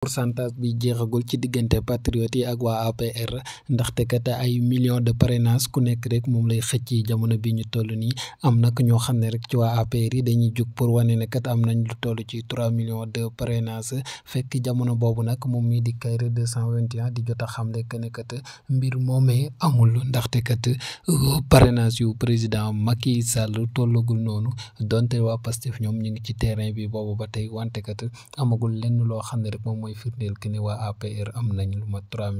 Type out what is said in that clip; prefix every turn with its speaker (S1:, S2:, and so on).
S1: pourcentage bi jeexagul ci diggante patriote yi ak waa APR ndaxte kat ay millions de parrainage ku nekk rek moom lay xëcc jamono bi ñu toll nii am nak ñoo xam ne rek ci waa APR yi dañuy jug pour wane ne kat am nañ lu toll ci trois millions de parrainage fekk jamono boobu nag moom mii di Kairé 221 di jot a xamle que ne kat mbir moomee amul ndaxte kat parrainage yu président Macky Sall tollagul noonu donte waa Pastef ñoom ñu ngi ci terrain bi boobu ba tey wante amagul lenn mooy
S2: firndeel que waa APR am nañ lu mot trois